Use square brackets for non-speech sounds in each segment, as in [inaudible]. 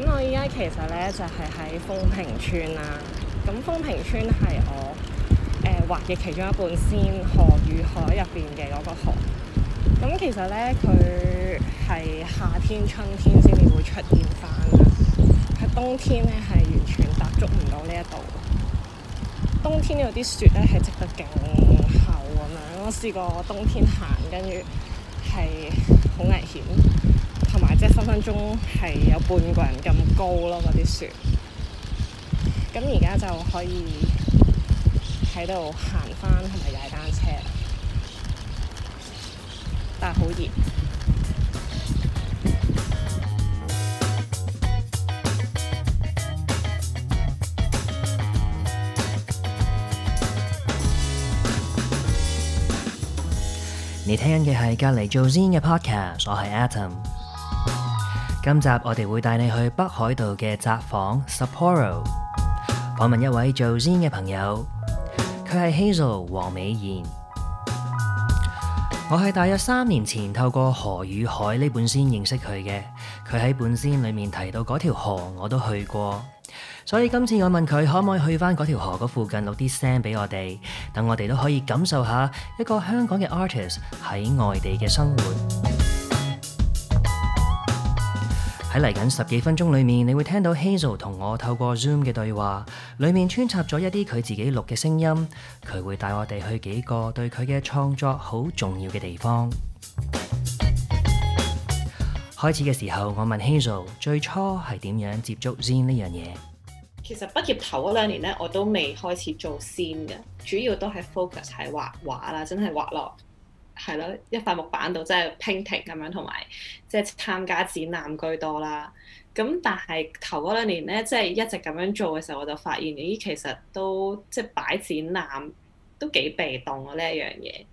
咁我依家其實咧就係喺豐平村啦，咁豐平村係我誒、呃、畫嘅其中一半仙河與海入邊嘅嗰個河。咁其實咧佢係夏天、春天先至會出現翻啦，喺冬天咧係完全踏足唔到呢一度。冬天有啲雪咧係積得勁厚咁樣，我試過冬天行，跟住係好危險。同埋即係分分鐘係有半個人咁高咯，嗰啲雪咁而家就可以喺度行翻，同埋踩單車。但係好熱。你聽緊嘅係隔離做 ZINE 嘅 Podcast，我係 Atom。今集我哋會帶你去北海道嘅札幌 Sapporo，訪問一位做 zine 嘅朋友，佢係 Hazel 黃美諺。我係大約三年前透過河與海呢本 zine 認識佢嘅，佢喺本 zine 裏面提到嗰條河我都去過，所以今次我問佢可唔可以去返嗰條河嗰附近錄啲聲俾我哋，等我哋都可以感受一下一個香港嘅 artist 喺外地嘅生活。喺嚟緊十幾分鐘裏面，你會聽到 Hazel 同我透過 Zoom 嘅對話，裏面穿插咗一啲佢自己錄嘅聲音。佢會帶我哋去幾個對佢嘅創作好重要嘅地方。開始嘅時候，我問 Hazel 最初係點樣接觸 zine 呢樣嘢？其實畢業頭嗰兩年咧，我都未開始做 zine 嘅，主要都係 focus 喺畫畫啦，真係畫咯。係咯，一塊木板度即係 painting 咁樣，同埋即係參加展覽居多啦。咁但係頭嗰兩年咧，即係一直咁樣做嘅時候，我就發現咦，其實都即係擺展覽都幾被動啊。呢一樣嘢。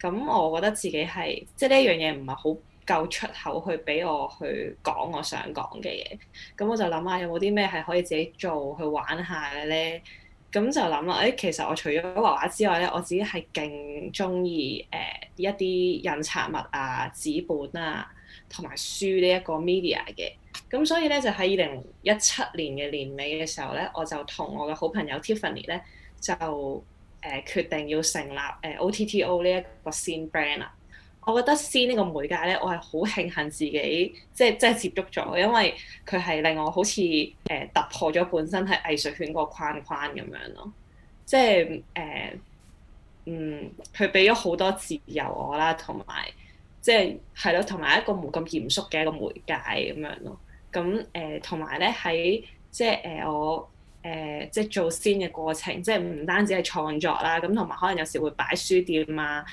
咁我覺得自己係即係呢一樣嘢唔係好夠出口去俾我去講我想講嘅嘢。咁我就諗下有冇啲咩係可以自己做去玩下嘅咧。咁就諗啦，誒、哎，其實我除咗畫畫之外咧，我自己係勁中意誒一啲印刷物啊、紙本啊同埋書呢一個 media 嘅。咁所以咧，就喺二零一七年嘅年尾嘅時候咧，我就同我嘅好朋友 Tiffany 咧就誒、呃、決定要成立誒、呃、O T T O 呢一個 zine brand 啦。我覺得 ZINE 呢個媒介咧，我係好慶幸自己，即係即係接觸咗，因為佢係令我好似誒、呃、突破咗本身係藝術圈個框框咁樣咯，即係誒、呃、嗯，佢俾咗好多自由我啦，同埋即係係咯，同埋一個冇咁嚴肅嘅一個媒介咁樣咯，咁誒同埋咧喺即係誒、呃、我。誒、呃，即係做 zine 嘅過程，即係唔單止係創作啦，咁同埋可能有時會擺書店啊，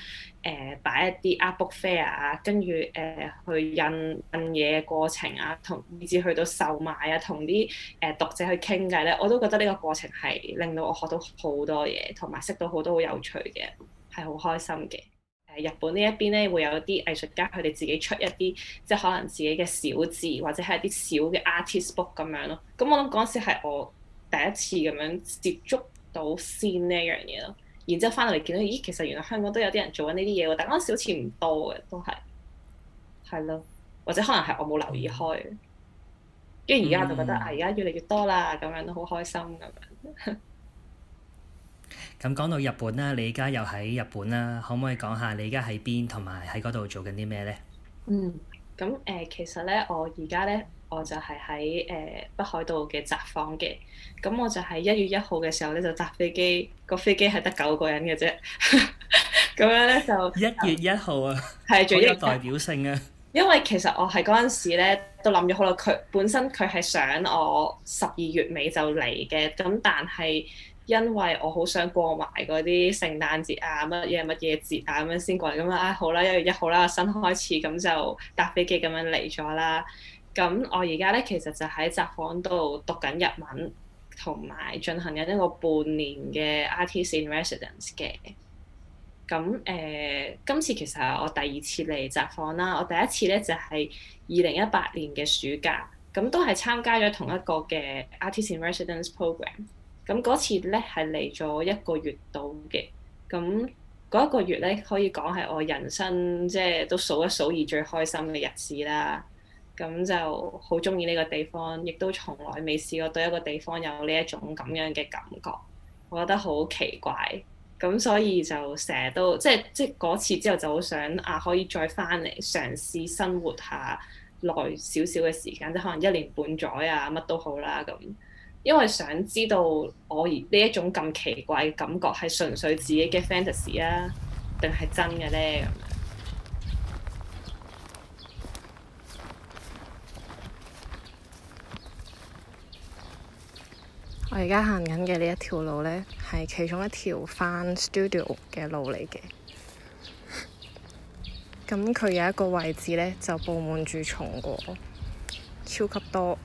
誒、呃，擺一啲 art book fair 啊，跟住誒去印印嘢嘅過程啊，同以至去到售賣啊，同啲誒、呃、讀者去傾偈咧，我都覺得呢個過程係令到我學到好多嘢，同埋識到好多好有趣嘅，係好開心嘅。誒、呃，日本呢一邊咧會有啲藝術家佢哋自己出一啲，即係可能自己嘅小誌或者係啲小嘅 artist book 咁樣咯。咁我諗嗰陣時係我。第一次咁樣接觸到 ZINE 呢樣嘢咯，然之後翻到嚟見到咦，其實原來香港都有啲人做緊呢啲嘢喎，但嗰陣時好似唔多嘅，都係係咯，或者可能係我冇留意開，跟住而家就覺得、嗯、啊，而家越嚟越多啦，咁樣都好開心咁樣。咁 [laughs] 講到日本啦，你而家又喺日本啦，可唔可以講下你而家喺邊同埋喺嗰度做緊啲咩呢？嗯，咁誒、呃，其實呢，我而家呢。我就係喺誒北海道嘅札幌嘅，咁我就喺一月一號嘅時候咧就搭飛機，個飛機係得九個人嘅啫，咁 [laughs] 樣咧就一月一號啊，好是有代表性啊！因為其實我係嗰陣時咧都諗咗好耐，佢本身佢係想我十二月尾就嚟嘅，咁但係因為我好想過埋嗰啲聖誕節啊，乜嘢乜嘢節啊咁樣先過嚟，咁啊好啦，一月一號啦，新開始，咁就搭飛機咁樣嚟咗啦。咁我而家咧其實就喺札幌度讀緊日文，同埋進行緊一個半年嘅 Artist in Residence 嘅。咁誒、呃，今次其實係我第二次嚟札幌啦。我第一次咧就係二零一八年嘅暑假，咁都係參加咗同一個嘅 Artist in Residence Program 那那。咁嗰次咧係嚟咗一個月度嘅，咁嗰一個月咧可以講係我人生即係都數一數二最開心嘅日子啦。咁就好中意呢個地方，亦都從來未試過對一個地方有呢一種咁樣嘅感覺，我覺得好奇怪。咁所以就成日都即係即係嗰次之後就好想啊可以再翻嚟嘗試生活下耐少少嘅時間，即可能一年半載啊乜都好啦咁，因為想知道我而呢一種咁奇怪嘅感覺係純粹自己嘅 fantasy 啊，定係真嘅咧？我而家行緊嘅呢一條路呢，係其中一條翻 studio 嘅路嚟嘅。咁 [laughs] 佢有一個位置呢，就佈滿住松果，超級多。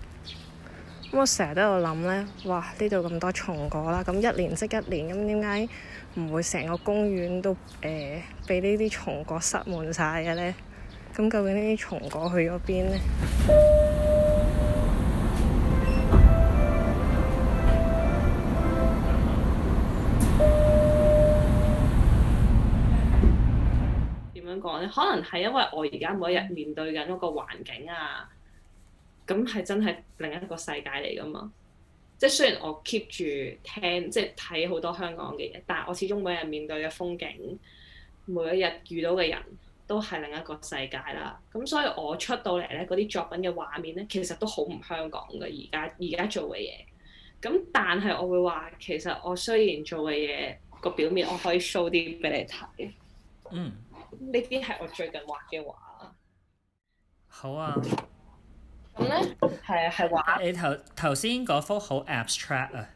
咁我成日都有諗呢：「哇！呢度咁多松果啦，咁一年積一年，咁點解唔會成個公園都誒、呃、畀呢啲松果塞滿晒嘅呢？」咁究竟呢啲松果去咗邊呢？可能係因為我而家每一日面對緊嗰個環境啊，咁係真係另一個世界嚟噶嘛。即係雖然我 keep 住聽，即係睇好多香港嘅嘢，但係我始終每一日面對嘅風景，每一日遇到嘅人都係另一個世界啦。咁所以我出到嚟咧，嗰啲作品嘅畫面咧，其實都好唔香港嘅。而家而家做嘅嘢，咁但係我會話，其實我雖然做嘅嘢個表面，我可以 show 啲俾你睇。嗯。呢啲係我最近畫嘅畫，好啊。咁咧係啊，係畫。你頭頭先嗰幅好 abstract 啊。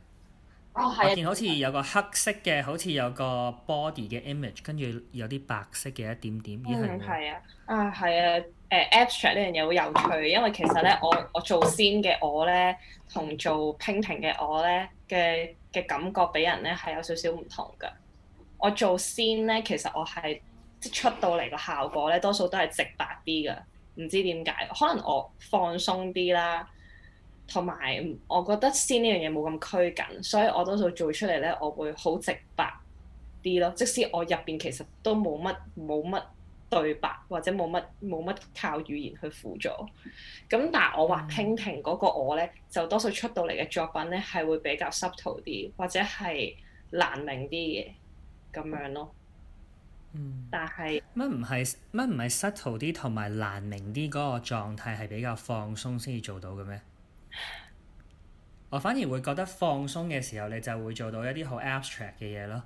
哦係。啊、我見好似有個黑色嘅，好似有個 body 嘅 image，跟住有啲白色嘅一點點。嗯，係啊，啊，係啊。誒、呃、，abstract 呢樣嘢好有趣，因為其實咧，我我做仙嘅我咧，同做 painting 嘅我咧嘅嘅感覺俾人咧係有少少唔同噶。我做仙 c 咧，其實我係。即出到嚟個效果咧，多數都係直白啲噶，唔知點解，可能我放鬆啲啦，同埋我覺得先呢樣嘢冇咁拘緊，所以我多數做出嚟咧，我會好直白啲咯。即使我入邊其實都冇乜冇乜對白，或者冇乜冇乜靠語言去輔助。咁但係我畫蜻蜓嗰個我咧，就多數出到嚟嘅作品咧，係會比較 subtle 啲，或者係難明啲嘅咁樣咯。嗯，但係乜唔係乜唔係 subtle 啲同埋難明啲嗰個狀態係比較放鬆先至做到嘅咩？ [laughs] 我反而會覺得放鬆嘅時候，你就會做到一啲好 abstract 嘅嘢咯。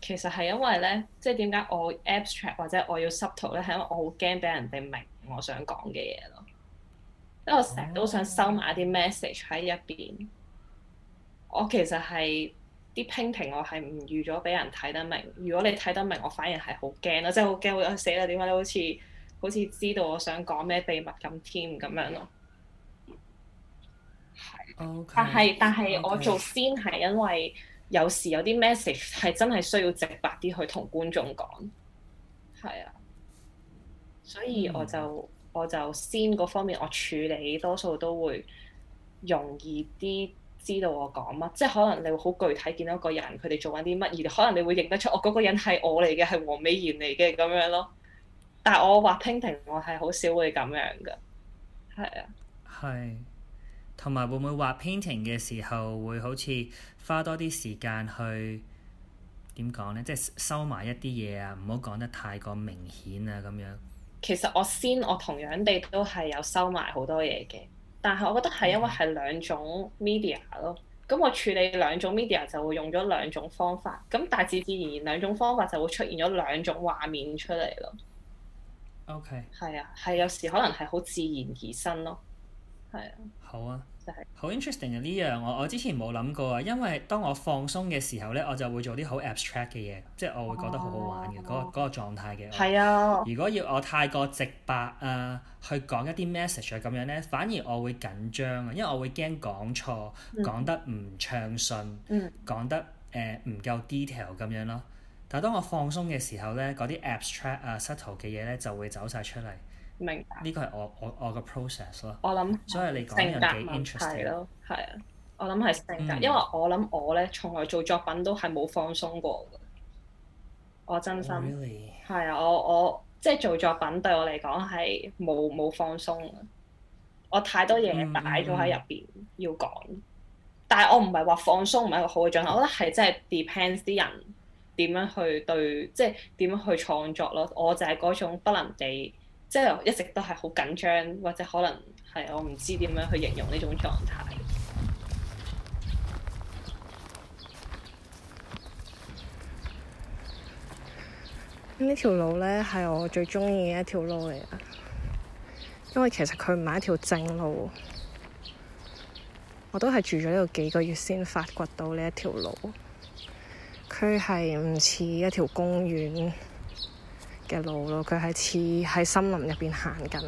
其實係因為咧，即係點解我 abstract 或者我要 subtle 咧，係因為我好驚俾人哋明我想講嘅嘢咯。因為我成日都想收埋啲 message 喺入邊。Oh. 我其實係。啲拼圖我係唔預咗俾人睇得明。如果你睇得明，我反而係好驚咯，即係好驚會死喇，點解你好似好似知道我想講咩秘密咁添咁樣咯。係 Okay.。但係但係我做先係因為有時有啲 message 係真係需要直白啲去同觀眾講。係啊。所以我就、mm. 我就先嗰方面我處理多數都會容易啲。知道我講乜，即係可能你會好具體見到一個人，佢哋做緊啲乜，而可能你會認得出，我、哦、嗰、那個人係我嚟嘅，係黃美諺嚟嘅咁樣咯。但係我畫 painting，我係好少會咁樣嘅，係啊，係。同埋會唔會畫 painting 嘅時候，會好似花多啲時間去點講呢？即係收埋一啲嘢啊，唔好講得太過明顯啊咁樣。其實我先，我同樣地都係有收埋好多嘢嘅。但係我覺得係因為係兩種 media 咯，咁我處理兩種 media 就會用咗兩種方法，咁大係自自然然兩種方法就會出現咗兩種畫面出嚟咯。OK。係啊，係有時可能係好自然而生咯，係啊。好啊。好 interesting 嘅呢樣我我之前冇諗過啊，因為當我放鬆嘅時候呢，我就會做啲好 abstract 嘅嘢，即係我會覺得好好玩嘅嗰、啊嗰個嗰、嗰個狀態嘅。係啊！如果要我太過直白啊，去講一啲 message 啊咁樣呢，反而我會緊張啊，因為我會驚講錯，講、嗯、得唔暢順，講、嗯、得誒唔、呃、夠 detail 咁樣咯。但係當我放鬆嘅時候呢，嗰啲 abstract 啊、subtle 嘅嘢呢，就會走晒出嚟。明白，呢個係我我我個 process 咯。我諗，所以你講，性格問題係咯，係啊，我諗係性格，嗯、因為我諗我咧從來做作品都係冇放鬆過嘅。我真心係啊，我我即係做作品對我嚟講係冇冇放鬆。我太多嘢擺咗喺入邊要講，但係我唔係話放鬆唔係一個好嘅狀態。我覺得係真係 depends 啲人點樣去對，即係點樣去創作咯。我就係嗰種不能地。即係我一直都係好緊張，或者可能係我唔知點樣去形容呢種狀態。條呢條路咧係我最中意嘅一條路嚟啊，因為其實佢唔係一條正路，我都係住咗呢度幾個月先發掘到呢一條路。佢係唔似一條公園嘅路咯，佢係似喺森林入邊行緊，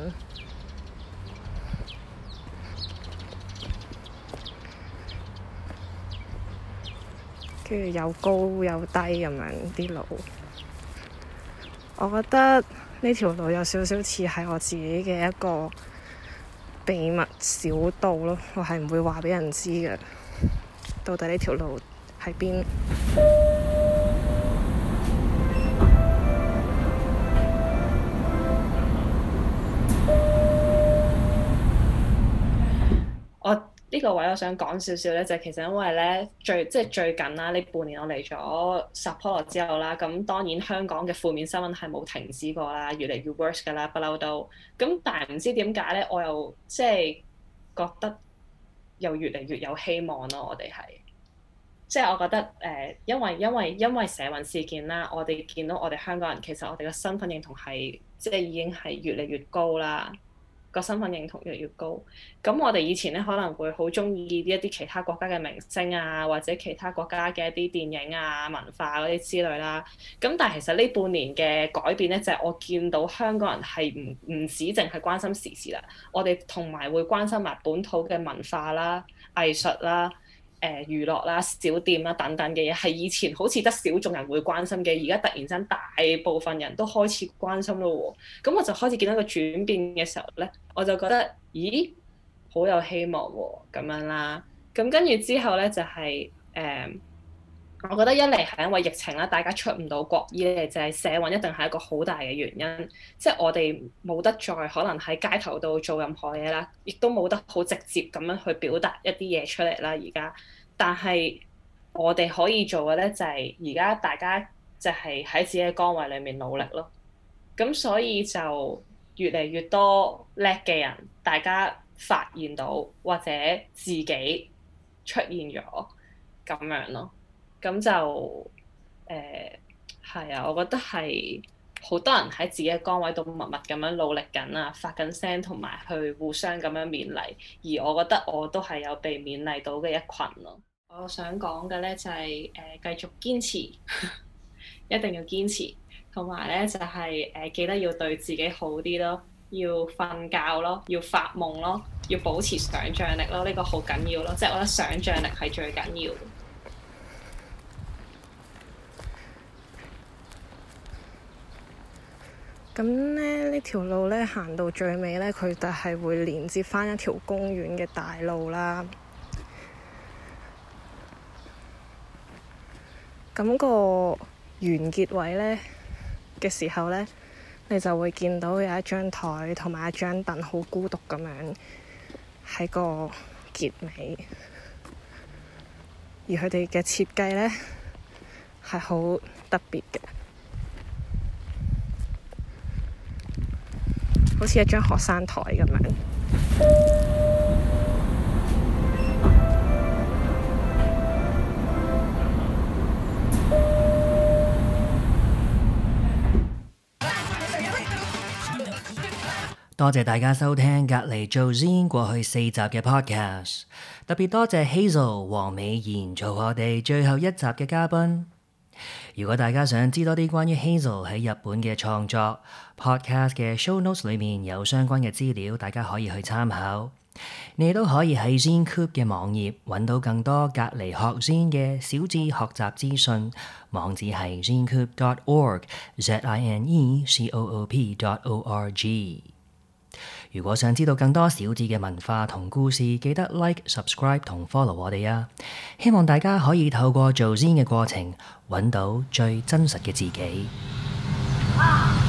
跟住又高又低咁樣啲路。我覺得呢條路有少少似係我自己嘅一個秘密小道咯，我係唔會話俾人知嘅。到底呢條路喺邊？呢個位我想講少少咧，就其實因為咧最即係最近啦，呢半年我嚟咗薩坡羅之後啦，咁當然香港嘅負面新聞係冇停止過啦，越嚟越 worse 噶啦，不嬲都。咁但係唔知點解咧，我又即係覺得又越嚟越有希望咯，我哋係即係我覺得誒、呃，因為因為因為社運事件啦，我哋見到我哋香港人其實我哋嘅身份認同係即係已經係越嚟越高啦。個身份認同越嚟越高，咁我哋以前咧可能會好鍾意啲一啲其他國家嘅明星啊，或者其他國家嘅一啲電影啊、文化嗰、啊、啲之類啦、啊。咁但係其實呢半年嘅改變咧，就係、是、我見到香港人係唔唔止淨係關心時事啦、啊，我哋同埋會關心埋本土嘅文化啦、啊、藝術啦、啊。誒娛樂啦、小店啦等等嘅嘢，係以前好似得少眾人會關心嘅，而家突然間大部分人都開始關心咯喎、哦，咁我就開始見到個轉變嘅時候咧，我就覺得咦，好有希望喎、哦，咁樣啦，咁跟住之後咧就係、是、誒。呃我覺得一嚟係因為疫情啦，大家出唔到國；二嚟就係社運一定係一個好大嘅原因，即係我哋冇得再可能喺街頭度做任何嘢啦，亦都冇得好直接咁樣去表達一啲嘢出嚟啦。而家，但係我哋可以做嘅咧就係而家大家就係喺自己嘅崗位裡面努力咯。咁所以就越嚟越多叻嘅人，大家發現到或者自己出現咗咁樣咯。咁就誒係啊，我覺得係好多人喺自己嘅崗位度默默咁樣努力緊啊，發緊聲同埋去互相咁樣勉勵，而我覺得我都係有被勉勵到嘅一群咯。我想講嘅咧就係誒繼續堅持， [laughs] 一定要堅持，同埋咧就係誒記得要對自己好啲咯，要瞓覺咯，要發夢咯，要保持想像力咯，呢個好緊要咯，即係我覺得想像力係最緊要。咁咧，呢條路咧行到最尾咧，佢就係會連接翻一條公園嘅大路啦。咁個完結位咧嘅時候咧，你就會見到有一張台同埋一張凳，好孤獨咁樣喺個結尾。而佢哋嘅設計咧，係好特別嘅。好似一張學生台咁樣。多謝大家收聽隔離做 ZINE 過去四集嘅 podcast，特別多謝 Hazel 黃美諺做我哋最後一集嘅嘉賓。如果大家想知道多啲關於 Hazel 喺日本嘅創作，Podcast 嘅 Show Notes 裏面有相關嘅資料，大家可以去參考。你都可以喺 ZINE COOP 嘅網頁揾到更多隔離學 ZINE 嘅小誌學習資訊，網址係 zinecoop.org。Z I N E C O O P dot O R G。如果想知道更多小誌嘅文化同故事，記得 like、 [noise] subscribe 同 follow 我哋啊！希望大家可以透過做 zine 嘅過程揾到最真實嘅自己。啊